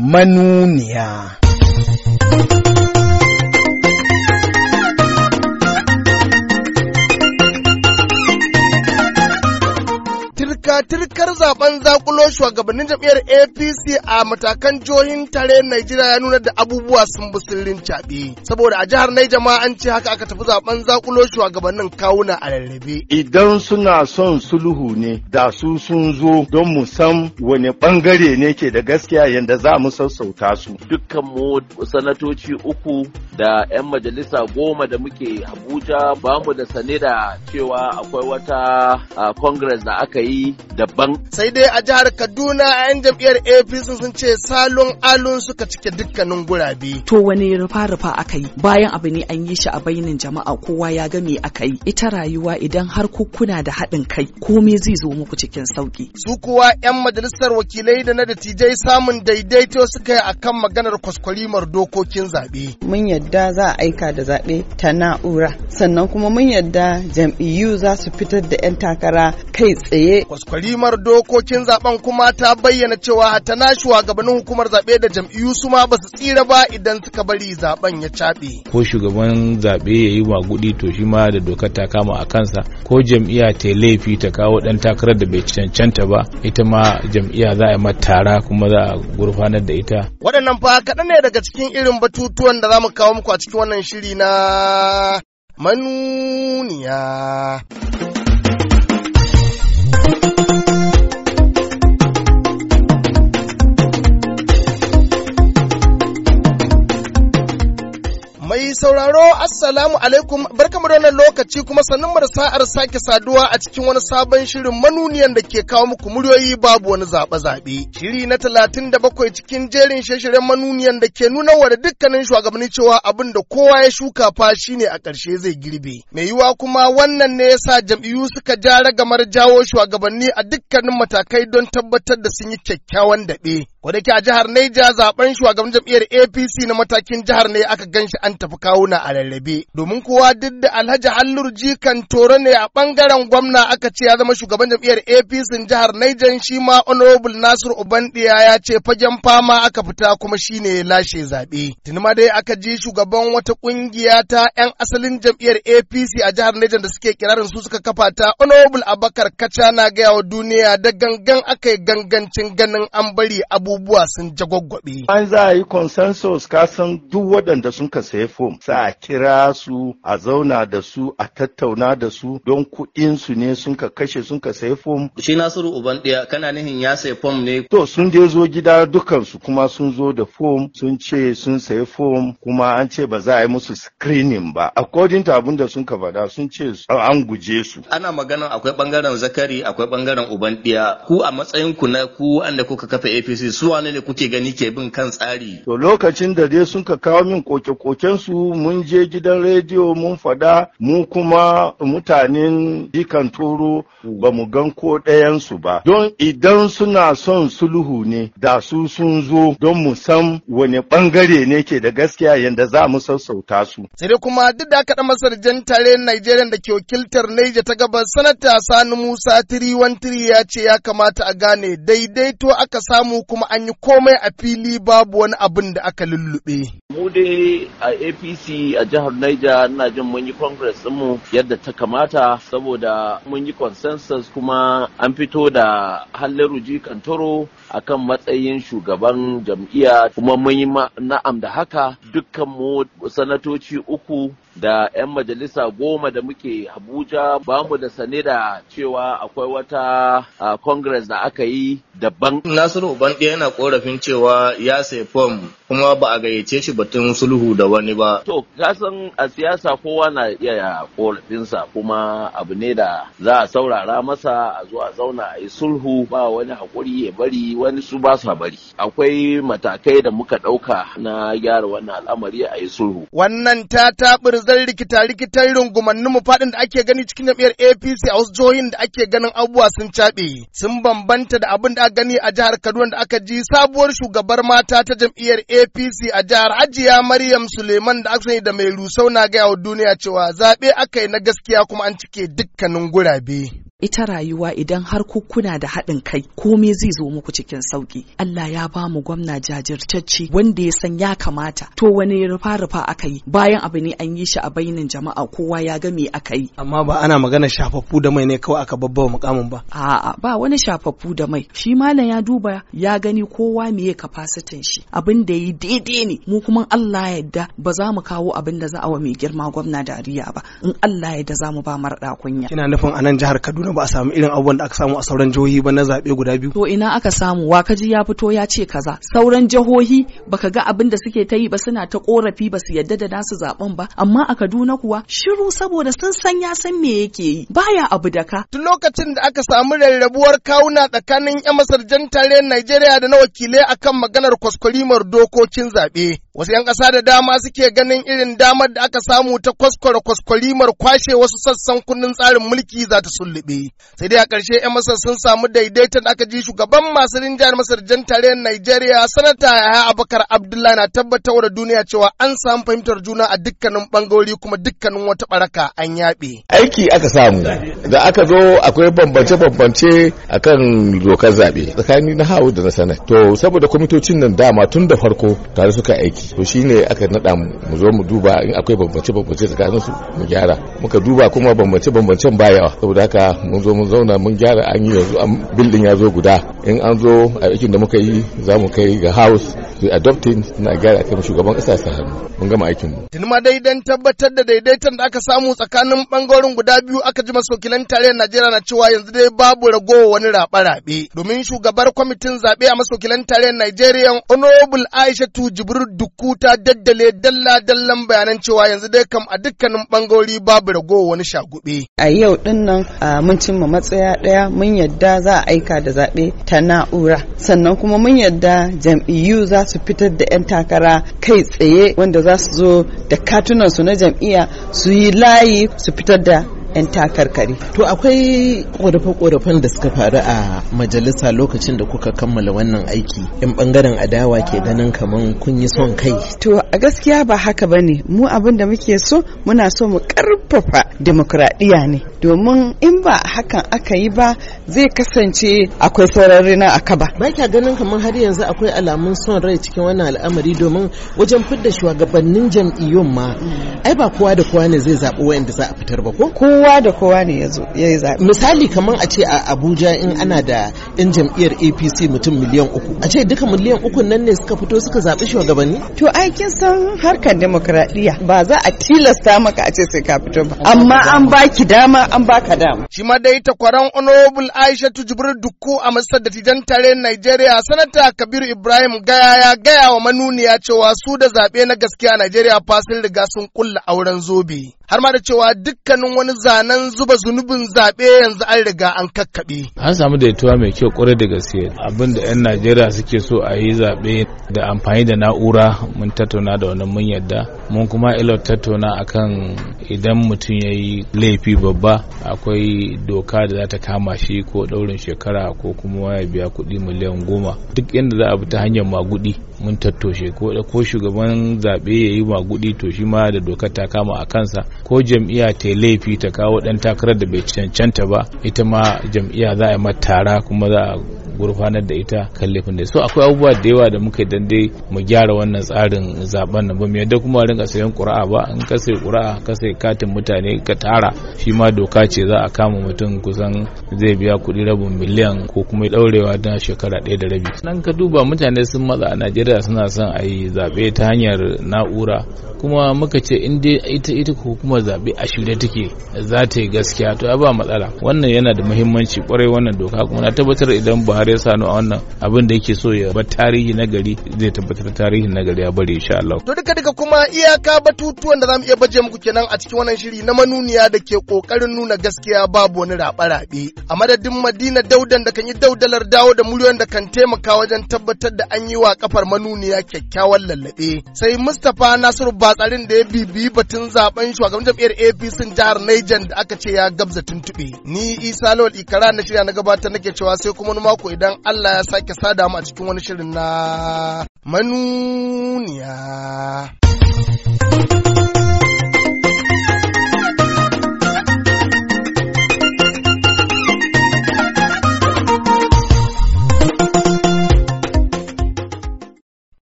manuniya. turka-turkar zaben zakulo shugabannin jam'iyyar apc a matakan jihohin tare najeriya ya nuna da abubuwa sun busirin caɓe saboda a jihar naija ma an ce haka aka tafi zaben zakulo shugabannin kawuna a lallabe idan suna son sulhu ne da su sun zo don mu san wani bangare ne ke da gaskiya yadda za mu sassauta su dukkan mu sanatoci uku da 'yan majalisa goma da muke abuja ba mu da sane da cewa akwai wata congress da aka yi daban. Sai dai a jihar Kaduna 'yan jam'iyyar APC sun ce salon alun suka cike dukkanin gurabe. To wani rufa-rufa aka yi bayan abu ne an yi shi a bainin jama'a kowa ya ga me aka yi. Ita rayuwa idan har kuna da haɗin kai komai zai zo muku cikin sauki. Su kuwa 'yan majalisar wakilai da na dattijai samun daidaito suka yi akan maganar kwaskwarimar dokokin zaɓe. Mun yadda za a aika da zaɓe ta na'ura sannan kuma mun yadda jam'iyyu za su fitar da 'yan takara kai tsaye. kwarimar dokokin zaben kuma ta bayyana cewa ta na shugabannin hukumar zaɓe da jam'iyyu su ma ba su tsira ba idan suka bari zaben ya caɓe. Ko shugaban zaɓe ya yi maguɗi to shi ma da dokar ta kama a kansa ko jam'iyya ta laifi ta kawo ɗan takarar da bai cancanta ba ita ma jam'iyya za a yi matara kuma za a gurfanar da ita. Waɗannan fa kaɗan ne daga cikin irin batutuwan da za mu kawo muku a cikin wannan shiri na manuniya. sauraro assalamu alaikum barkamu da wannan lokaci kuma sannan da sa'ar sake saduwa a cikin wani sabon shirin manuniyan da ke kawo muku muryoyi babu wani zaɓe zaɓe. Shiri na talatin da bakwai cikin jerin shirye-shiryen manuniyan da ke nuna wa da dukkanin shugabanni cewa abin da kowa ya shuka fa shine a ƙarshe zai girbe. Mai yiwa kuma wannan ne yasa jam'iyyu suka ja ragamar jawo shugabanni a dukkanin matakai don tabbatar da sun yi kyakkyawan daɓe. Ko da a jihar Neja zaben shugaban jam'iyyar APC na matakin jihar ne aka ganshi an tafi kawuna a lallabe. Domin kowa duk da Alhaji Hallur Jikan Toro ne a bangaren gwamna aka ce ya zama shugaban jam'iyyar APC jihar Neja shi ma Honorable Nasir Ubandiya ya ce fagen fama aka fita kuma shine ya lashe zaɓe. Tuni ma dai aka ji shugaban wata ƙungiya ta 'yan asalin jam'iyyar APC a jihar Neja da suke kirarin su suka kafa ta Honorable Abakar Kacha na gaya wa duniya da gangan aka gangancin ganin an bari abu abubuwa sun jagwaggwabe. An za a yi consensus kasan duk waɗanda sun ka sayi fom sa a kira su a zauna da su a tattauna da su don kuɗin su ne sun ka kashe sun ka sayi fom. Shi Nasiru Uban ɗaya kana nihin ya sayi fom ne. To sun je zo gida su kuma sun zo da fom sun ce sun sayi fom kuma an ce ba za a yi musu screening ba. According to abin da sun ka faɗa sun ce an guje su. Ana magana akwai ɓangaren zakari akwai ɓangaren uban ɗaya ku a matsayin ku na ku wanda kuka kafa APC suwa ne ne kuke gani ke bin kan tsari to lokacin da dai sun ka kawo min koke-koken su mun je gidan rediyo mun fada mu kuma mutanen jikan turo ba mu gan ko ɗayan ba don idan suna son sulhu ne da su sun zo don mu san wani bangare ne ke da gaskiya yadda za mu sassauta su sai kuma duk da aka da masar jan tare Najeriya da ke wakiltar Niger ta gabas sanata Sani Musa 313 ya ce ya kamata a gane daidaito aka samu kuma an yi komai a fili babu wani abin da aka lullube. Mu dai a APC a jihar Niger na jin mun yi Congress mu yadda ta kamata saboda mun yi consensus kuma an fito da Halliru toro. akan matsayin shugaban jam'iyya kuma mun yi na'am da haka dukkan mu sanatoci uku da 'yan majalisa goma da muke Abuja ba mu da sane da cewa akwai wata congress da aka yi daban. Nasiru uban ɗaya yana korafin cewa ya sai fom kuma ba a gayyace shi batun sulhu da wani ba. To, kasan a siyasa kowa na iya korafinsa kuma abu ne da za a saurara masa a zo a zauna a yi sulhu ba wani hakuri ya bari wani su ba sa bari akwai matakai da muka ɗauka na gyara wannan al'amari a yi sulhu wannan ta taɓurzar rikita rikitar rungumannin mu faɗin da ake gani cikin jam'iyyar apc a wasu jihohin da ake ganin abubuwa sun caɓe sun bambanta da abin da aka gani a jihar kaduna da aka ji sabuwar shugabar mata ta jam'iyyar apc a jihar ajiya maryam suleiman da aka sani da mai rusau na gaya wa duniya cewa zaɓe aka yi na gaskiya kuma an cike dukkanin gurabe ita rayuwa idan har kukuna da haɗin kai komai zai zo muku cikin sauki Allah ya ba mu gwamna jajirtacce wanda ya san ya kamata to wani rufa rufa aka yi bayan abu ne an yi shi a bainin jama'a kowa ya ga me aka yi amma ba ana magana shafaffu da mai ne kawai aka babbawa mukamin ba a'a ba wani shafaffu da mai shi malam ya duba ya gani kowa me ya kafasitin shi abin da yi daidai ne mu kuma Allah ya yarda ba za mu kawo abin da za a wa mai girma gwamna dariya ba in Allah ya yarda za mu ba marɗa kunya kina nufin anan jihar Kaduna ba a samu irin abubuwan da aka samu a sauran jihohi ba na zaɓe guda biyu. To ina aka samu wakaji ya fito ya ce kaza sauran jihohi baka ga abin da suke ta yi ba suna ta korafi ba su yadda da nasu zaben ba amma a Kaduna kuwa shiru saboda sun san ya san me yake yi baya abu da ka. Tun lokacin da aka samu rarrabuwar kawuna tsakanin 'yan jan tarayyar Najeriya da na wakilai akan maganar kwaskwarimar dokokin zaɓe. Wasu 'yan ƙasa da dama suke ganin irin damar da aka samu ta kwaskwara kwaskwarimar kwashe wasu sassan kundin tsarin mulki za ta sullube. yi sai dai a ƙarshe 'yan masar sun samu da aka ji shugaban masu rinjayar masar jan tarayyar Najeriya sanata Yahaya Abubakar Abdullahi na tabbatar da duniya cewa an samu fahimtar juna a dukkanin bangarori kuma dukkanin wata baraka an yaɓe. Aiki aka samu da aka zo akwai bambance-bambance akan dokar zaɓe Tsakani na hawu da na sana To saboda kwamitocin nan dama tun da farko tare suka aiki to shine aka naɗa mu zo mu duba in akwai bambance-bambance tsakanin su mu gyara muka duba kuma bambance-bambancen bayawa saboda haka mun zo mun zauna mun gyara an yi yanzu an building ya zo guda in an zo a aikin da muka yi za mu kai ga house to adopting na gyara kai shugaban kasa sa hannu mun gama aikin mu tun ma dai dan tabbatar da daidaiton da aka samu tsakanin bangaren guda biyu aka ji masokilan tarayyar Najeriya na cewa yanzu dai babu ragowa wani rabe-rabe domin shugabar kwamitin zaɓe a masokilan tarayyar Najeriya Honorable Aishatu Jibril Dukku ta daddale dalla-dallan bayanan cewa yanzu dai kam a dukkanin bangarori babu ragowa wani shagube a yau din nan mun cimma matsaya ɗaya mun yadda za a aika da zaɓe ta na'ura sannan kuma mun yadda jam'iyyu za su fitar da 'yan takara kai tsaye wanda za su zo da katunansu na jam'iyya su yi layi su fitar da 'yan takarkari to akwai korafe-korafen da suka faru a majalisa lokacin da kuka kammala wannan aiki in bangaren adawa ke ganin kamar kun yi son kai to a gaskiya ba haka ba ne mu abin da muke so muna so mu karfafa demokradiyya ne domin in ba hakan aka yi ba zai kasance akwai sauran rina a kaba ba kya ganin kamar har yanzu akwai alamun son rai cikin wannan al'amari domin wajen fidda shugabannin jam'iyyun ma ai ba kowa da kowa ne zai zaɓi wayanda za a fitar ba ko kowa da kowa ne ya zo yi zaɓe misali kamar a ce a abuja in ana da yan jam'iyyar apc mutum miliyan uku a ce duka miliyan uku nan ne suka fito suka zaɓi shugabanni to ai kin san harkar demokradiyya ba za a tilasta maka a ce sai ka fito ba amma an baki dama an baka dama shi ma dai takwaran honorable aisha jibril dukku a masar da tijan tare nigeria sanata kabiru ibrahim gaya ya gaya wa manuniya cewa su da zaɓe na gaskiya nigeria fasil riga sun kulla auren zobe har ma da cewa dukkanin wani zanen zuba zunubin zaɓe yanzu an riga an kakkaɓe. An samu daidaituwa mai kyau ƙwarai da gaske abin da 'yan Najeriya suke so a yi zaɓe da amfani da na'ura mun tattauna da wannan mun yadda mun kuma ilo tattauna akan idan mutum ya yi laifi babba akwai doka da za ta kama shi ko ɗaurin shekara ko kuma ya biya kuɗi miliyan goma duk inda za a bi ta hanyar magudi mun tattoshe ko ko shugaban zaɓe ya yi magudi to shi ma da dokar ta kama a kansa ko jam'iyya ta yi laifi ta kawo ɗan takarar da bai cancanta ba ita ma jam'iyya za a yi mata kuma za a gurfanar da ita kan laifin da so akwai abubuwa da yawa da muka dan dai mu gyara wannan tsarin zaben nan ba mu yadda kuma rinka sayan ƙura'a ba in ka sayi ƙura'a ka sayi katin mutane ka tara shi ma doka ce za a kama mutum kusan zai biya kuɗi rabin miliyan ko kuma ɗaurewa na shekara ɗaya da rabi nan ka duba mutane sun matsa a Najeriya najeriya suna son a yi zaɓe ta hanyar na'ura kuma muka ce in dai ita zabe hukumar zaɓe a shirye take za ta yi gaskiya to ba matsala wannan yana da muhimmanci kwarai wannan doka kuma na tabbatar idan buhari ya sanu a wannan abin da yake so ya bar tarihi na gari zai tabbatar tarihi na gari ya bari insha Allah to duka duka kuma iyaka batutuwan da zamu iya baje muku kenan a cikin wannan shiri na manuniya da ke kokarin nuna gaskiya babu wani rabe-rabe a madadin Madina Daudan da kan yi daudalar dawo da muryoyin da kan taimaka wajen tabbatar da an yi wa kafar manuniya kyakkyawan lallabe sai mustapha nasiru batsarin da ya bibiyi batun zaben shugaban jam'iyyar apc jihar niger da aka ce ya gabza tuntube ni isa lawal ikara na shirya na gabatar nake cewa sai kuma wani mako idan allah ya sake sada mu a cikin wani shirin na manuniya